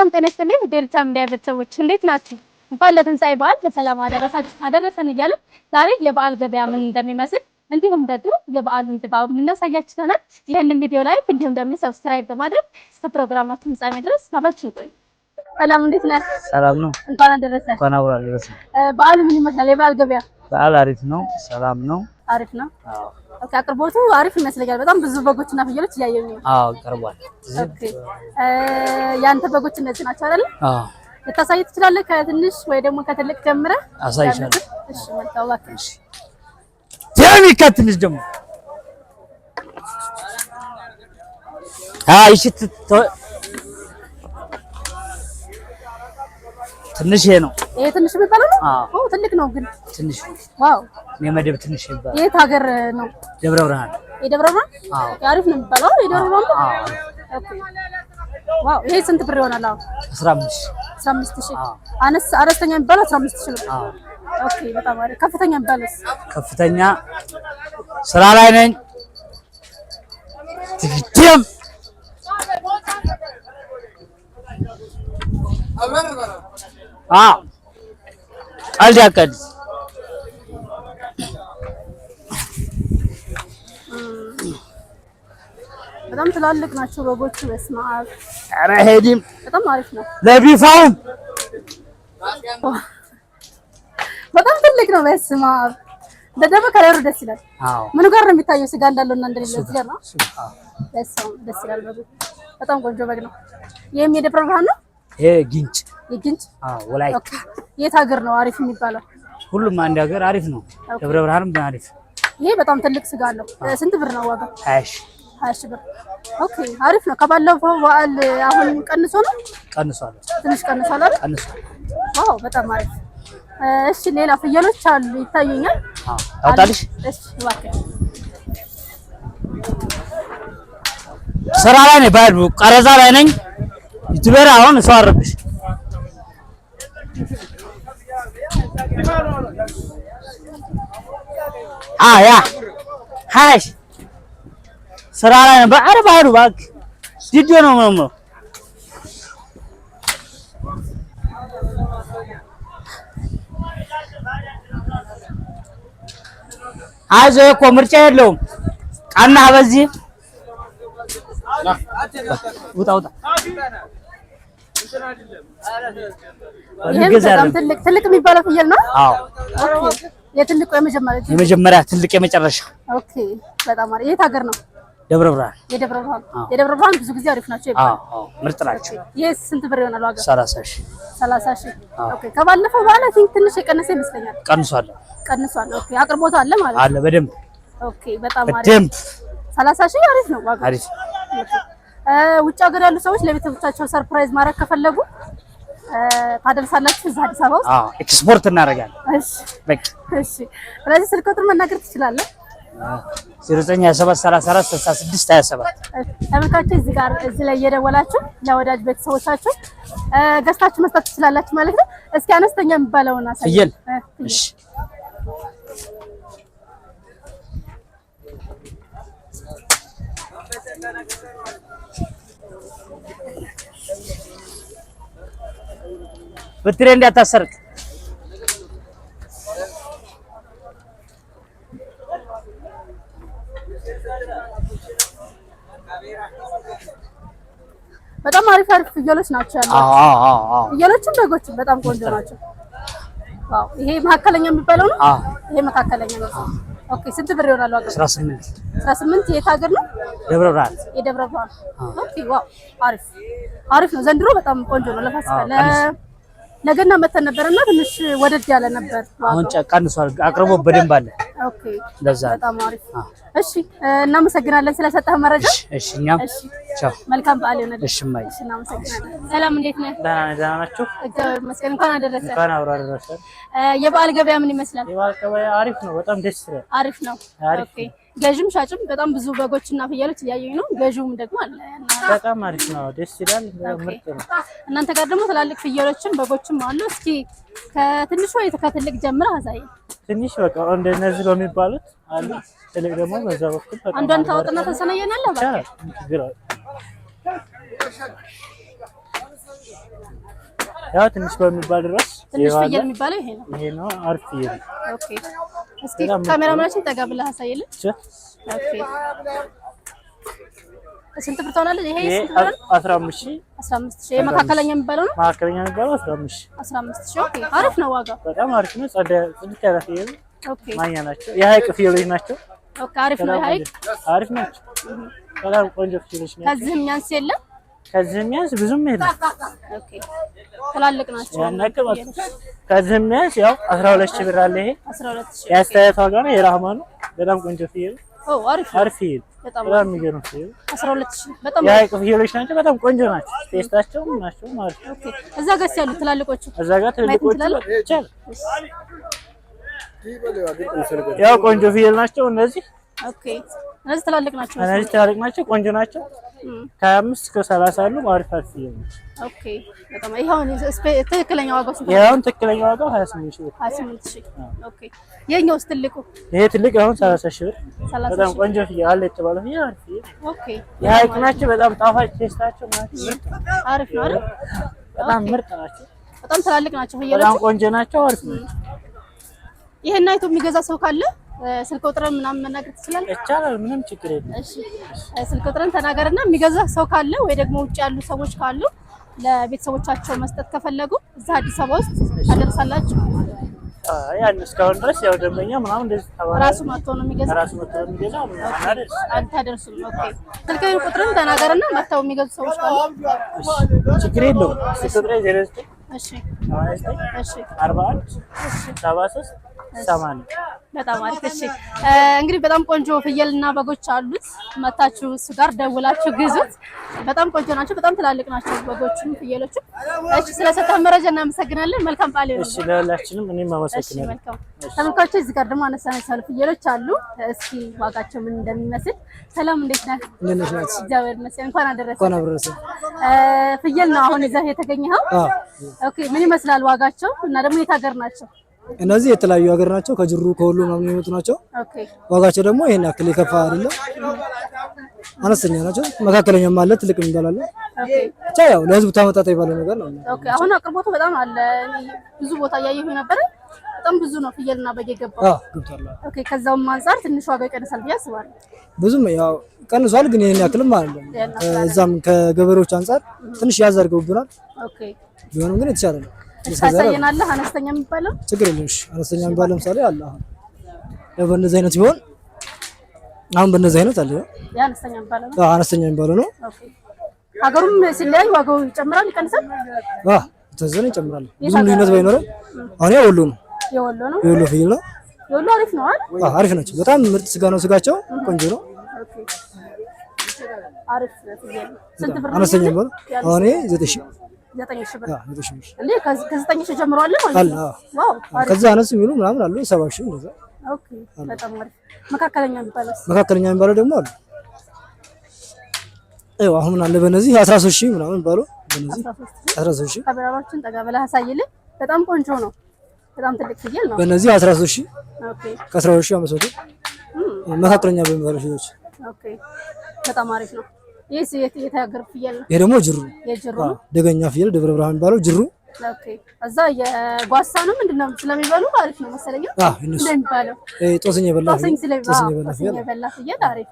ሰላም ጤና ይስጥልኝ። ዴልታ ሚዲያ ቤተሰቦች እንዴት ናችሁ? እንኳን ለትንሳኤ በዓል በሰላም አደረሳችሁ አደረሰን እያልን ዛሬ የበዓል ገበያ ምን እንደሚመስል እንዲሁም ደግሞ የበዓሉን ድባብ የምናሳያችሁ ይሆናል። ይህንን ቪዲዮ ላይ እንዲሁም ደግሞ ሰብስክራይብ በማድረግ እስከ ፕሮግራማችን ፍጻሜ ድረስ አብራችሁን ቆዩ። ሰላም እንዴት ነህ? ሰላም ነው። እንኳን አደረሰን። እንኳን አብሮ አደረሰን። በዓሉ ምን ይመስላል? የበዓል ገበያ በዓል አሪፍ ነው። ሰላም ነው። አሪፍ ነው። አዎ ኦኬ፣ አቅርቦቱ አሪፍ ይመስለኛል። በጣም ብዙ በጎችና ፍየሎች እያየሁ ነው። አዎ፣ ቀርቧል። ኦኬ፣ ያንተ በጎች እነዚህ ናቸው አይደል? አዎ። ልታሳይ ትችላለህ? ከትንሽ ወይ ደግሞ ከትልቅ ጀምረህ አሳይሻለሁ። እሺ፣ መልካም። እባክህ ጀሚ ከትንሽ ጀምሮ አይ፣ እሺ፣ ትንሽ ነው ይሄ ትንሽ የሚባለው ነው? ትልቅ ነው ግን ትንሽ። ዋው የመደብ ትንሽ የሚባለው የት ሀገር ነው? ደብረ ብርሃን። የደብረ ብርሃን? አሪፍ ነው የሚባለው የደብረ ብርሃን ዋው ይሄ ስንት ብር ይሆናል? አሁን 15 15 ሺህ። አነስ አነስተኛ የሚባለው 15 ሺህ ነው። አዎ ኦኬ። በጣም አሪፍ። ከፍተኛ የሚባለውስ? ከፍተኛ ስራ ላይ ነኝ ትግደም አዎ አልዳቀል በጣም ትላልቅ ናቸው በጎቹ። በስመ አብ ኧረ ሄዲም በጣም አሪፍ ነው። ለቢፋውም በጣም ትልቅ ነው። በስመ አብ በደንብ ከለሩ ደስ ይላል። ምኑ ጋር ነው የሚታየው? ስጋ እንዳለው እና እንደሌለው እዚህ ነው። ደስ ይላል። በጣም ቆንጆ በግ ነው። ይሄም የደብረ ብርሃን ነው። ይሄ ግንጭ የግንጭ ወላይታ የት ሀገር ነው አሪፍ የሚባለው? ሁሉም አንድ ሀገር አሪፍ ነው። ደብረ ብርሃንም አሪፍ። ይሄ በጣም ትልቅ ስጋ አለው። ስንት ብር ነው ዋጋ? ሀያ ሺህ ሀያ ሺህ ብር። ኦኬ አሪፍ ነው። ከባለፈው በዓል አሁን ቀንሶ ነው? ቀንሷል፣ ትንሽ ቀንሷል አይደል? ቀንሷል። ዋው በጣም አሪፍ። እሺ ሌላ ፍየሎች አሉ ይታዩኛል። ታውጣልሽ? እሺ እባክህ ስራ ላይ ነኝ፣ ቀረዛ ላይ ነኝ ዩቲዩበር አሁን ሰው አረብሽ አያ ሀሽ ስራ ላይ ነው። ኧረ ባህሉ እባክህ ዲዶ ነው ምንም አይዞህ እኮ ምርጫ የለውም። ቀና በዚህ ውጣ ውጣ ይሄም በጣም ትልቅ ትልቅ የሚባለው ፍየል ነው። አዎ የትልቁ የመጀመሪያ የመጀመሪያ ትልቅ የመጨረሻ። ኦኬ በጣም አሪፍ። የት ሀገር ነው? ደብረ ብርሃን። የደብረ ብርሃን የደብረ ብርሃን ብዙ ጊዜ አሪፍ ናቸው ይባላል። አዎ ምርጥ ናቸው። ይሄ ስንት ብር ይሆናል ዋጋ? 30 ሺህ 30 ሺህ። ኦኬ ከባለፈው በኋላ ትንሽ የቀነሰ ይመስለኛል። ቀንሷል ቀንሷል። ኦኬ አቅርቦት አለ ማለት አለ በደንብ ኦኬ በጣም አሪፍ በደንብ 30 ሺህ አሪፍ ነው ዋጋ አሪፍ ውጭ ሀገር ያሉ ሰዎች ለቤተሰቦቻቸው ሰርፕራይዝ ማድረግ ከፈለጉ ታደርሳላችሁ። እዚያ አዲስ አበባ ውስጥ ኤክስፖርት እናደርጋለን። እሺ በቃ እሺ። ስለዚህ ስልክ ቁጥር መናገር ትችላለህ። 0927346627 ተመልካቾች እዚህ ጋር እዚህ ላይ እየደወላችሁ ለወዳጅ ቤተሰቦቻችሁ ገዝታችሁ መስጠት ትችላላችሁ ማለት ነው። እስኪ አነስተኛ የሚባለውን አሳየን። እሺ ብትሬ እንዳታሰርቅ በጣም አሪፍ አሪፍ ፍየሎች ናቸው ያሉት። ፍየሎችም በጎችም በጣም ቆንጆ ናቸው። ዋው! ይሄ መካከለኛ የሚባለው ነው። ይሄ መካከለኛ ነው። ኦኬ። ስንት ብር ይሆናል ዋጋው? 18 18 የት ሀገር ነው? ደብረ ብርሃን። የደብረ ብርሃን። ኦኬ። ዋው! አሪፍ አሪፍ ነው። ዘንድሮ በጣም ቆንጆ ነው ለፋሲካ ነገና መተን ነበርና ትንሽ ወደድ ያለ ነበር። አሁን ቀንሷል። አቅርቦ በደንብ አለ። ኦኬ፣ ለዛ በጣም አሪፍ። እሺ፣ እናመሰግናለን ስለሰጠህ መረጃ። እሺ፣ እኛም ቻው፣ መልካም በዓል ይሆነልህ። እሺ፣ ማይ እሺ፣ እናመሰግናለን። ሰላም፣ እንዴት ነህ? ደህና ነህ? ደህና ናችሁ? እግዚአብሔር ይመስገን። እንኳን አደረሰ። እንኳን አብሮ አደረሰ። የበዓል ገበያ ምን ይመስላል? የበዓል ገበያ አሪፍ ነው። በጣም ደስ ይላል። አሪፍ ነው። ኦኬ ገዥም ሻጭም በጣም ብዙ በጎች እና ፍየሎች እያየኝ ነው። ገዥውም ደግሞ አለ። በጣም አሪፍ ነው፣ ደስ ይላል። ምርጥ ነው። እናንተ ጋር ደግሞ ትላልቅ ፍየሎችን በጎችም አሉ። እስኪ ከትንሽ ወይ ከትልቅ ጀምረህ አሳየን። ትንሽ በቃ እንደነዚህ ነው የሚባሉት አሉ። ትልቅ ደግሞ በዛ በኩል አንዷን ታወጥና ተሰናየናለህ። በቃ ያው ትንሽ በሚባል ድረስ ትንሽ ፍየል የሚባለው ይሄ ነው። ይሄ ነው አሪፍ ፍየል። ኦኬ፣ እስኪ ካሜራማናችን ጠጋ ብለህ አሳየልን። ኦኬ፣ ስንት ብር ትሆናለች? ይሄ አስራ አምስት ሺህ አስራ ሺህ መካከለኛ የሚባለው ነው። መካከለኛ የሚባለው አስራ ሺህ ሺህ ኦኬ፣ አሪፍ ነው ዋጋ፣ በጣም አሪፍ ነው። ጸዳ ጽድት ያለ ፍየል ማኛ ናቸው። የሀይቅ ፍየሎች ናቸው። ኦኬ፣ አሪፍ ነው። የሀይቅ አሪፍ ናቸው። በጣም ቆንጆ ፍየሎች ናቸው። ከዚህም ያንስ የለም ከዚህ የሚያንስ ብዙም የለም። ኦኬ ትላልቅ ናቸው። ከዚህ የሚያንስ ያው 12 ሺህ ብር አለ። ይሄ የአስተያየት ዋጋ ነው። የራህማ ነው። በጣም ቆንጆ ፍየል ነው። አሪፍ ፍየል በጣም የሚገርም ፍየል የሀይቅ ፍየሎች ናቸው። በጣም ቆንጆ ናቸው። ቴስታቸው ናቸው ማለት ኦኬ። እዛ ጋር ያሉ ትላልቆቹ እዛ ጋር ትላልቆቹ ይቻላል። ያው ቆንጆ ፍየል ናቸው እነዚህ ኦኬ እነዚህ ትላልቅ ናቸው። እነዚህ ትላልቅ ናቸው፣ ቆንጆ ናቸው። እስከ ሰላሳ አሉ። አሪፍ አሪፍ ነው። ኦኬ በጣም ይሄውን ትክክለኛ ዋጋው ስንት ነው? ትክክለኛ ዋጋው ኦኬ። ትልቁ ይሄ ትልቅ አሁን ብር። በጣም ቆንጆ ፍየል አለ የተባለው ፍየል አሪፍ ኦኬ የሀይቅ ናቸው። በጣም ጣፋጭ ቴስታቸው ናቸው። አሪፍ ነው አይደል? በጣም ምርጥ ናቸው። በጣም ትላልቅ ናቸው። ፍየሎች በጣም ቆንጆ ናቸው። አሪፍ ይሄን አይቶ የሚገዛ ሰው ካለ ስልክ ቁጥርን ምናምን መናገር ትችላለህ? ይቻላል፣ ምንም ችግር የለም። እሺ፣ ስልክ ቁጥርን ተናገርና የሚገዛ ሰው ካለ ወይ ደግሞ ውጭ ያሉ ሰዎች ካሉ ለቤተሰቦቻቸው መስጠት ከፈለጉ እዛ አዲስ አበባ ውስጥ ታደርሳላችሁ። ያን እስካሁን ድረስ ያው ደንበኛ ምናምን እንደዚህ ተባለ። ራሱ መጥቶ ነው የሚገዛው፣ ራሱ መጥቶ ነው አንተ አደርሱ። ኦኬ፣ ስልክ ቁጥርን ተናገርና መጥተው የሚገዙ ሰዎች ካሉ ችግር የለውም። ስልክ ቁጥሬ ዜሮ ዘጠኝ እሺ፣ እሺ፣ አርባ አንድ ሰባ ሶስት ሰማንያ በጣም አሪፍ። እሺ እንግዲህ በጣም ቆንጆ ፍየልና በጎች አሉት። መታችሁ እሱ ጋር ደውላችሁ ግዙት። በጣም ቆንጆ ናቸው። በጣም ትላልቅ ናቸው በጎቹም ፍየሎቹም። እሺ ስለሰጠን መረጃ እናመሰግናለን። መልካም በዓል ይሁን። እሺ ለሁላችንም እኔም አመሰግናለሁ። መልካም ተመልካቾች፣ እዚህ ጋር ደግሞ አነሳ ያሉ ፍየሎች አሉ። እስኪ ዋጋቸው ምን እንደሚመስል። ሰላም፣ እንዴት ነህ? እንዴት ነህ? እግዚአብሔር ይመስገን። እንኳን አደረሰ። እንኳን አደረሰ። ፍየል ነው አሁን እዛ የተገኘኸው? ኦኬ። ምን ይመስላል ዋጋቸው እና ደግሞ የት ሀገር ናቸው? እነዚህ የተለያዩ ሀገር ናቸው። ከጅሩ ከሁሉ ምናምን የሚመጡ ናቸው። ዋጋቸው ደግሞ ይሄን ያክል የከፋ አይደለም፣ አነስተኛ ናቸው። መካከለኛም አለ፣ ትልቅ ይባላል። ብቻ ያው ለህዝቡ ተመጣጣኝ ባለው ነገር ነው። ኦኬ። አሁን አቅርቦቱ በጣም አለ። ብዙ ቦታ እያየሁ ነበረ። በጣም ብዙ ነው ፍየልና በግ የገባው። አዎ ኦኬ። ከዛውም አንፃር ትንሽ ዋጋ ይቀንሳል ብዬ አስባለሁ። ብዙም ያው ቀንሷል፣ ግን ይሄን ያክልም አይደለም። እዛም ከገበሬዎች አንፃር ትንሽ ያዝ አድርገውብናል። ኦኬ። ቢሆንም ግን የተሻለ ነው። ታሳየናለህ። አነስተኛ የሚባለው ችግር የለሽ አነስተኛ የሚባለው ለምሳሌ አለ። አሁን ያው በእነዚህ አይነት ቢሆን አሁን በእነዚህ አይነት አለ። አነስተኛ የሚባለው ነው። አዎ ሀገሩም ሲለያይ ዋጋው ይጨምራል፣ ይቀንሳል። ተዘነ ይጨምራል። ብዙም ልዩነት ባይኖርም አሁን ያው ወሎ ነው የወሎ ነው የወሎ ፍየል ነው። የወሎ አሪፍ ነው አዎ አሪፍ ናቸው። በጣም ምርጥ ስጋ ነው። ስጋቸው ቆንጆ ነው። አሪፍ ነው? አነስተኛ የሚባለው አሁን ዘጠኝ ሺህ ዘጠኝ ሺህ ብር ከዘጠኝ ሺህ ጀምሮ አለ ማለት ነው። አነስ የሚሉ ምናምን አሉ። ሺህ እንደዛ። መካከለኛ የሚባለው ደግሞ አሉ። አሁን አለ በነዚህ ሺህ ምናምን የሚባለው በነዚህ ሺህ ጠጋ ብለህ አሳይልኝ። በጣም ቆንጆ ነው። በጣም ትልቅ ፍየል ነው። በነዚህ ሺህ ሺህ አምስት መቶ መካከለኛ በሚባለው ሺዎች። በጣም አሪፍ ነው። ይሄ ደግሞ ጅሩ ደገኛ ፍየል ደብረ ብርሃን የሚባለው ጅሩ እዛ የጓሳ ነው ምንድን ነው ስለሚበሉ አሪፍ ነው መሰለኝ። አሪፍ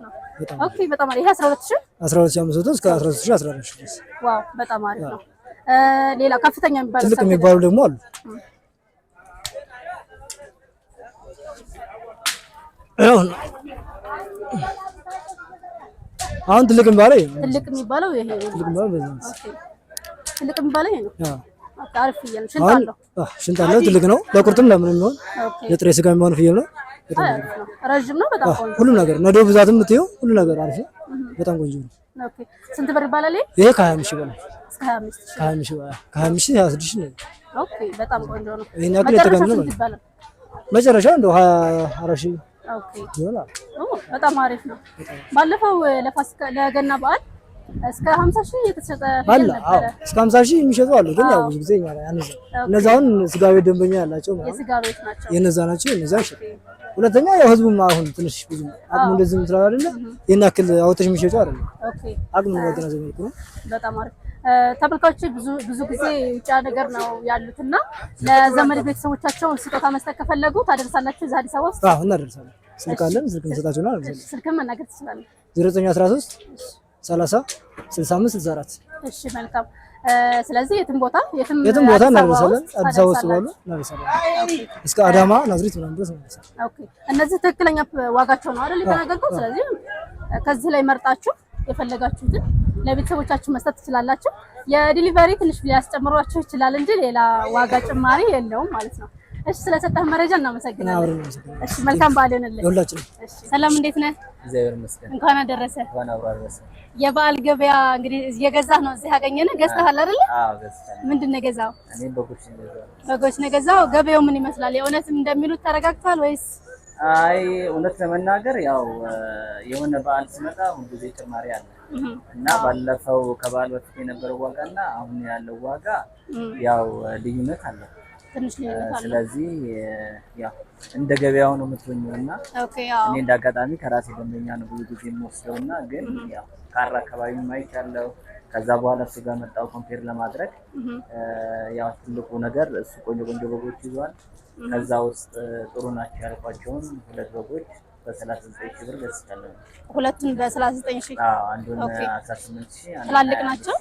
ነው። ከፍተኛ የሚባሉ ደግሞ አሉ። አሁን ትልቅ የሚባለው ትልቅ የሚባለው ይሄ ትልቅ ነው። ትልቅ ይሄ አለው። ትልቅ ነው። ለቁርጥም ለምን የሚሆን ለጥሬ ስጋ የሚሆን ፍየል ነው። ረጅም ነው። በጣም ቆንጆ ሁሉም ነገር ነዶ ብዛትም የምትይው ሁሉ ነገር አሪፍ በጣም ቆንጆ ነው። ኦኬ ስንት ብር ይባላል ይሄ? ይሄ ከሀያ ሺህ በላይ ከሀያ ሺህ ሺህ ሀያ ስድስት ሺህ ነው። ኦኬ በጣም ቆንጆ ነው። ይሄን ያክል የተገኘ ነው። መጨረሻው እንደው ሀያ አራት ሺህ ይሆናል። በጣም አሪፍ ነው። ባለፈው ለፋሲካ ለገና በዓል እስከ 50 ሺህ እየተሸጠ አዎ፣ እስከ 50 ሺህ የሚሸጡ አሉ። ግን ያው ብዙ ጊዜ እኛ ላይ አንዘ እነዛውን ስጋ ቤት ደንበኛ ያላቸው ማለት የስጋ ቤት ናቸው፣ የነዛ ናቸው። የነዛ ይሸጥ። ሁለተኛ ያው ህዝቡም አሁን ትንሽ ብዙ አቅሙ እንደዚህ ምትላል አይደለ? ይሄን ያክል አውጥተሽ የሚሸጡ አይደለም። ኦኬ፣ አቅሙ ነው። በጣም አሪፍ ተመልካቾች ብዙ ጊዜ ውጭ ነገር ነው ያሉትና ለዘመድ ቤተሰቦቻቸው ስጦታ መስጠት ከፈለጉ ታደርሳላችሁ? እዛ አዲስ አበባ ውስጥ እናደርሳለን። ስልክ አለን፣ ስልክ እንሰጣችሁና ስልክም መናገር ትችላለን። 0913 30 65 64 እሺ፣ መልካም ስለዚህ የትም ቦታ የትም ቦታ እናደርሳለን። አዲስ አበባ ውስጥ ባሉ እናደርሳለን እስከ አዳማ፣ ናዝሬት ምናምን ድረስ እናደርሳለን። ኦኬ፣ እነዚህ ትክክለኛ ዋጋቸው ነው አይደል የተናገርከው? ስለዚህ ከዚህ ላይ መርጣችሁ የፈለጋችሁትን ለቤተሰቦቻችሁ መስጠት ትችላላችሁ። የዲሊቨሪ ትንሽ ሊያስጨምሯችሁ ይችላል እንጂ ሌላ ዋጋ ጭማሪ የለውም ማለት ነው። እሺ፣ ስለሰጠህ መረጃ እናመሰግናለን። እሺ፣ መልካም በዓል ይሁንልህ። ሰላም፣ እንዴት ነህ? እንኳን አደረሰ። የበዓል ገበያ እንግዲህ እየገዛህ ነው። እዚህ ያገኘንህ ገዝተሃል አይደለ? ምንድን ነው የገዛኸው? በጎች ነው የገዛኸው። ገበያው ምን ይመስላል? የእውነትም እንደሚሉት ተረጋግቷል ወይስ አይ እውነት ለመናገር ያው የሆነ በዓል ሲመጣ ሁልጊዜ ጭማሪ አለ እና ባለፈው ከበዓል በፊት የነበረው ዋጋ እና አሁን ያለው ዋጋ ያው ልዩነት አለው። ስለዚህ እንደ ገበያው ነው የምትሆኘው እና እኔ እንደ አጋጣሚ ከራሴ ደንበኛ ነው ብዙ ጊዜ የምወስደው እና ግን ካራ አካባቢ ማየት ያለው ከዛ በኋላ እሱ ጋር መጣው ኮምፔር ለማድረግ ያው ትልቁ ነገር እሱ ቆንጆ ቆንጆ በጎች ይዟል። ከዛ ውስጥ ጥሩ ናቸው ያልኳቸውን ሁለት በጎች በሰላሳ ዘጠኝ ሺህ ብር ገዝቻለሁ። ሁለቱን በሰላሳ ዘጠኝ ሺህ አንዱን አስራ ስምንት ሺህ ትላልቅ ናቸው።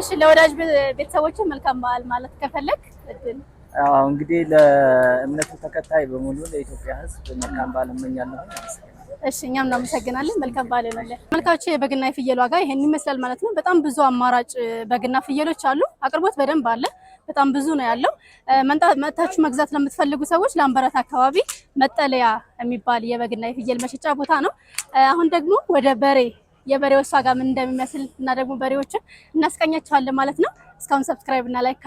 እሺ ለወዳጅ ቤተሰቦች መልካም በዓል ማለት ከፈለግ እድል እንግዲህ ለእምነቱ ተከታይ በሙሉ ለኢትዮጵያ ሕዝብ መልካም በዓል እመኛለሁ። እሺ እኛም እናመሰግናለን። መልካም በዓል ይሆንልን። መልካቹ የበግና የፍየል ዋጋ ይሄን ይመስላል ማለት ነው። በጣም ብዙ አማራጭ በግና ፍየሎች አሉ። አቅርቦት በደንብ አለ። በጣም ብዙ ነው ያለው። መጥታችሁ መግዛት ለምትፈልጉ ሰዎች ለአንበረት አካባቢ መጠለያ የሚባል የበግና የፍየል መሸጫ ቦታ ነው። አሁን ደግሞ ወደ በሬ የበሬዎች ዋጋ ምን እንደሚመስል እና ደግሞ በሬዎችን እናስቀኛቸዋለን ማለት ነው። እስካሁን ሰብስክራይብ እና ላይክ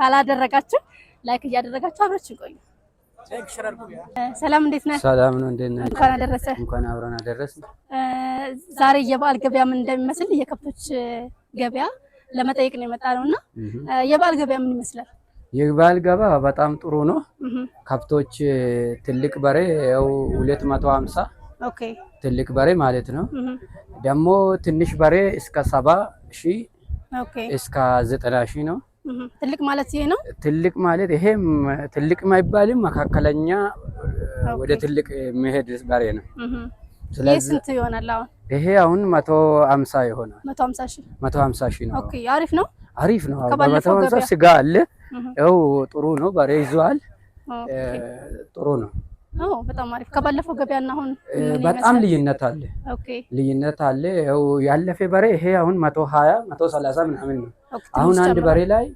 ካላደረጋችሁ ላይክ እያደረጋችሁ አብራችሁ ቆዩ። ሰላም እንዴት ነህ? ሰላም ነው። እንዴት ነህ? እንኳን አደረሰ። እንኳን አብረን አደረስ። ዛሬ የበዓል ገበያ ምን እንደሚመስል የከብቶች ገበያ ለመጠየቅ ነው የመጣ ነው እና የበዓል ገበያ ምን ይመስላል? የበዓል ገበያ በጣም ጥሩ ነው። ከብቶች ትልቅ በሬ ያው ሁለት መቶ ሀምሳ ትልቅ በሬ ማለት ነው። ደግሞ ትንሽ በሬ እስከ ሰባ ሺህ እስከ ዘጠና ሺህ ነው። ትልቅ ማለት ይሄ ነው። ትልቅ ማለት ይሄም ትልቅ አይባልም፣ መካከለኛ ወደ ትልቅ መሄድ በሬ ነው። ስለዚህ ስንት ይሆናል አሁን? ይሄ አሁን 150 ይሆናል። 150 ሺህ 150 ሺህ ነው። ኦኬ አሪፍ ነው፣ አሪፍ ነው። ከባለፈው ገበያ ስጋ አለ። ያው ጥሩ ነው፣ በሬ ይዟል። ጥሩ ነው። አዎ በጣም አሪፍ። ከባለፈው ገበያና አሁን በጣም ልዩነት አለ። ልዩነት አለ። ያው ያለፈ በሬ ይሄ አሁን 120 130 ምናምን ነው። አሁን አንድ በሬ ላይ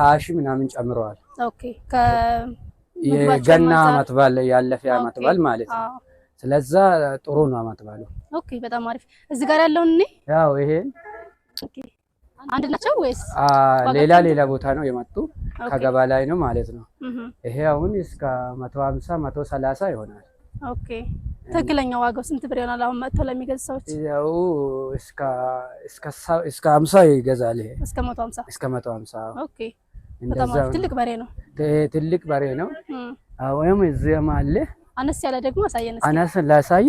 20 ሺህ ምናምን ጨምረዋል። ኦኬ ከገና ዓመት ያለፈ ዓመት ማለት ነው ስለዛ ጥሩ ነው አማት ኦኬ በጣም አሪፍ። እዚህ ጋር ያለውን እኔ ያው ይሄ አንድ ናቸው ወይስ ሌላ ሌላ ቦታ ነው የመጡ? ከገባ ላይ ነው ማለት ነው። ይሄ አሁን እስከ 150 130 ይሆናል። ኦኬ ትክክለኛ ዋጋው ስንት ብር ይሆናል? አሁን መጥቶ ለሚገዙ ሰዎች ያው እስከ እስከ እስከ 50 ይገዛል። ይሄ እስከ 150 እስከ 150 ኦኬ። በጣም ትልቅ በሬ ነው። ትልቅ በሬ ነው። አሁንም እዚህም አለ አነስ ያለ ደግሞ አሳየን። አነስ ላሳይ።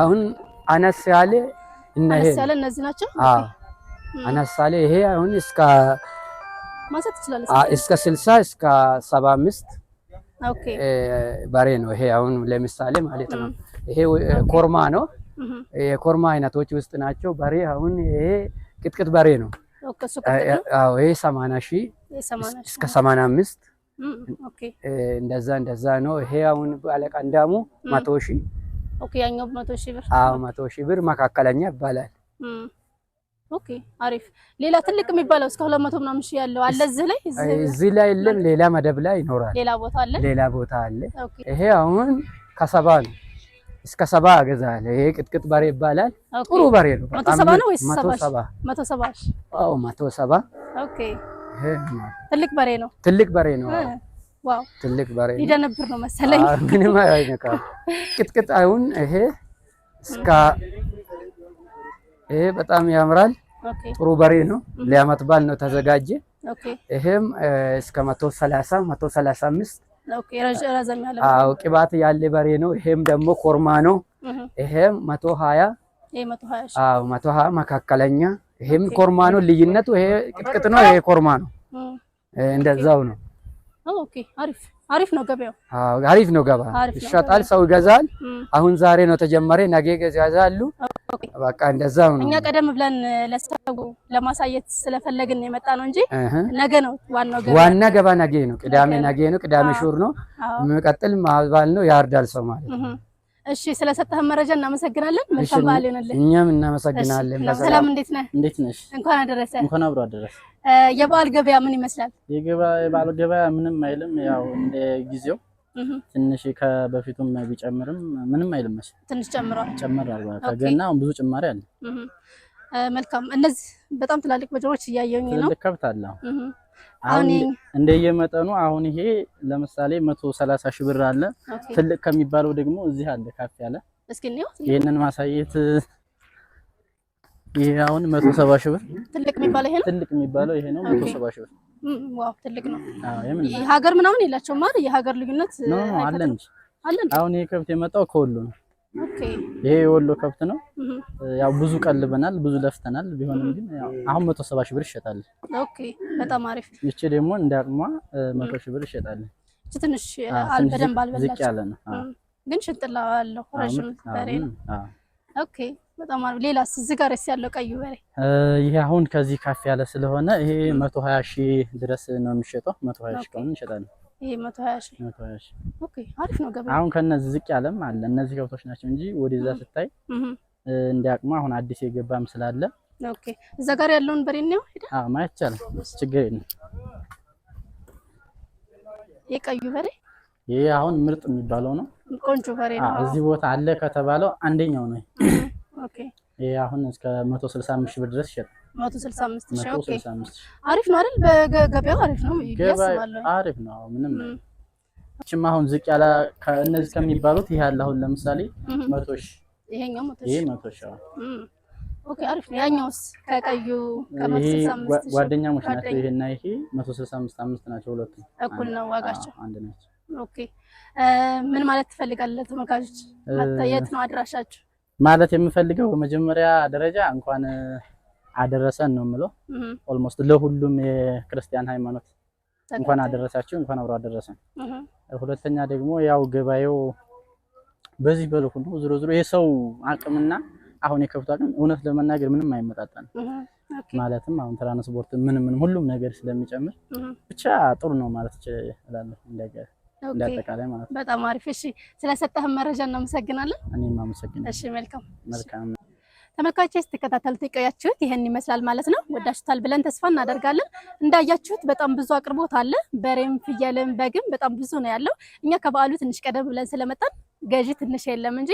አሁን አነስ ያለ እነዚህ እነዚህ ናቸው። አነስ ያለ ይሄ አሁን እስከ ማሰት ይችላል እስከ 60 እስከ 75 ኦኬ፣ በሬ ነው ይሄ። አሁን ለምሳሌ ማለት ነው ይሄ ኮርማ ነው። የኮርማ አይነቶች ውስጥ ናቸው። በሬ አሁን ይሄ ቅጥቅጥ በሬ ነው። አዎ፣ ይሄ 80 ሺህ እስከ 85 እንደዛ እንደዛ ነው። ይሄ አሁን እንዳሙ መቶ ሺህ መቶ ሺህ ብር መካከለኛ ይባላል። ኦኬ አሪፍ። ሌላ ትልቅ የሚባለው እስከ 200 ምናምን ሺ ያለው አለ እዚህ ላይ እዚህ ላይ የለም። ሌላ መደብ ላይ ይኖራል። ሌላ ቦታ አለ፣ ሌላ ቦታ አለ። ይሄ አሁን ከሰባ ነው። እስከ ሰባ ገዛል። ይሄ ቅጥቅጥ በሬ ይባላል። ጥሩ በሬ ነው። መቶ ሰባ ነው ወይስ ሰባ? መቶ ሰባ። አዎ መቶ ሰባ። ኦኬ ትልቅ በሬ ነው። ትልቅ በሬ ነው። ዋው ትልቅ በሬ ነው። ነው መሰለኝ። ምንም አይነካ ቅጥቅጥ አይሁን። ይሄ እስከ ይሄ በጣም ያምራል። ጥሩ በሬ ነው። ለዓመት በዓል ነው ተዘጋጀ። ይሄም እስከ 130 135 አዎ ቅባት ያለ በሬ ነው። ይሄም ደግሞ ኮርማ ነው። ይሄም 120 120 አዎ 120 መካከለኛ ይሄም ኮርማ ነው። ልዩነቱ ይሄ ቅጥቅጥ ነው፣ ይሄ ኮርማ ነው። እንደዛው ነው። ኦኬ አሪፍ አሪፍ ነው ገበያው። አዎ አሪፍ ነው ገባ ይሻጣል፣ ሰው ይገዛል። አሁን ዛሬ ነው ተጀመረ፣ ነገ ይገዛሉ። በቃ እንደዛው ነው። እኛ ቀደም ብለን ለሰው ለማሳየት ስለፈለግን የመጣ ነው እንጂ ነገ ነው ዋናው ገባ። ዋና ገበያ ነገ ነው፣ ቅዳሜ ነገ ነው። ቅዳሜ ሹር ነው የሚቀጥል። ማባል ነው ያርዳል ሰው ማለት ነው። እሺ ስለሰጠህ መረጃ እናመሰግናለን። መልካም በዓል ይሆንልህ። እኛም እናመሰግናለን። ሰላም፣ እንዴት ነህ? እንዴት ነሽ? እንኳን አደረሰ። እንኳን አብሮ አደረሰ። የበዓል ገበያ ምን ይመስላል? የበዓል ገበያ ምንም አይልም፣ ያው እንደ ጊዜው ትንሽ ከበፊቱም ቢጨምርም ምንም አይልም መሰለኝ። ትንሽ ጨምሯል፣ ጨምር አድርጓል። ከገና ብዙ ጭማሪ አለ። መልካም። እነዚህ በጣም ትላልቅ በጆሮች እያየሁኝ ነው። ትልቅ ከብት አለ አሁን እንደየመጠኑ አሁን ይሄ ለምሳሌ 130 ሺህ ብር አለ። ትልቅ ከሚባለው ደግሞ እዚህ አለ ካፍ ያለ እስኪ ይሄንን ማሳየት ይሄ አሁን 170 ሺህ ብር ትልቅ የሚባለው ይሄ ነው። ትልቅ የሚባለው ይሄ ነው። 170 ሺህ ብር ዋው ትልቅ ነው። አዎ የሀገር ምናምን የላቸውም አይደል? የሀገር ልዩነት አለ እንጂ አሁን ይሄ ከብት የመጣው ከወሎ ነው። ይሄ የወሎ ከብት ነው። ያው ብዙ ቀልበናል፣ ብዙ ለፍተናል። ቢሆንም ግን አሁን መቶ ሰባ ሺህ ብር ይሸጣል። ኦኬ በጣም አሪፍ። ይቺ ደግሞ እንደ አቅሟ መቶ ሺህ ብር ይሸጣል። እቺ ትንሽ በደንብ አልበላችም፣ ዝቅ ያለ ነው ግን ሽጥላ አለው ረጅም በሬ ነው። ኦኬ በጣም አሪፍ። ሌላ እዚህ ጋር እስ ያለው ቀዩ በሬ ይሄ አሁን ከዚህ ከፍ ያለ ስለሆነ ይሄ መቶ ሀያ ሺህ ድረስ ነው የሚሸጠው። መቶ ሀያ ሺህ ከሆነ እንሸጣለን። ይሄ 120 120 ኦኬ፣ አሪፍ ነው ገበያ። አሁን ከነዚህ ዝቅ ያለም አለ። እነዚህ ከብቶች ናቸው እንጂ ወደዛ ስታይ እንዲያቅሙ አሁን አዲስ የገባም ስላለ ኦኬ፣ እዛ ጋር ያለውን በሬ ነው ሄዳ። አዎ፣ ማየት ይቻላል። ችግር የለም። የቀዩ በሬ ይሄ አሁን ምርጥ የሚባለው ነው። ቆንጆ በሬ ነው። እዚህ ቦታ አለ ከተባለው አንደኛው ነው። ኦኬ አሁን እስከ 165 ሺህ ብር ድረስ ይሸጣል። 165 ሺህ ኦኬ። አሪፍ ነው አይደል? በገበያው አሪፍ ነው ያስባለሁ። አሪፍ ነው ምንም እችም አሁን ዝቅ ያለ እነዚህ ከሚባሉት ይሄ ያለ አሁን ለምሳሌ 100 ሺህ ይሄኛው 100 ሺህ ይሄ 100 ሺህ ኦኬ፣ አሪፍ ነው። ያኛውስ ከቀዩ ጓደኛሞች ናቸው። ይሄና ይሄ 165 ናቸው። ሁለቱ እኩል ነው ዋጋቸው አንድ ናቸው። ኦኬ፣ ምን ማለት ትፈልጋለህ? ተመልካቾች የት ነው አድራሻችሁ? ማለት የምፈልገው በመጀመሪያ ደረጃ እንኳን አደረሰን ነው የምለው። ኦልሞስት ለሁሉም የክርስቲያን ሃይማኖት እንኳን አደረሳችሁ፣ እንኳን አብሮ አደረሰን። ሁለተኛ ደግሞ ያው ገበያው በዚህ በልኩ ነው። ዝሮ ዝሮ የሰው አቅምና አሁን የከብቱ አቅም እውነት ለመናገር ምንም አይመጣጠንም። ማለትም አሁን ትራንስፖርት ምን ምን ሁሉም ነገር ስለሚጨምር ብቻ ጥሩ ነው ማለት እችላለሁ እንደገና እንዳጠቃላይ ማለት ነው። በጣም አሪፍ። እሺ፣ ስለሰጠህን መረጃ እናመሰግናለን። እኔም አመሰግናለሁ። እሺ፣ መልካም መልካም። ተመልካቾች ስትከታተሉት የቆያችሁት ይህን ይመስላል ማለት ነው። ወዳችሁታል ብለን ተስፋ እናደርጋለን። እንዳያችሁት በጣም ብዙ አቅርቦት አለ። በሬም ፍየልም በግም በጣም ብዙ ነው ያለው። እኛ ከበዓሉ ትንሽ ቀደም ብለን ስለመጣን ገዢ ትንሽ የለም እንጂ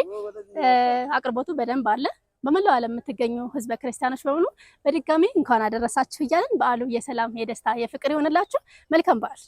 አቅርቦቱ በደንብ አለ። በመላው ዓለም የምትገኙ ህዝበ ክርስቲያኖች በሙሉ በድጋሚ እንኳን አደረሳችሁ እያለን በዓሉ የሰላም የደስታ የፍቅር ይሆንላችሁ። መልካም በዓል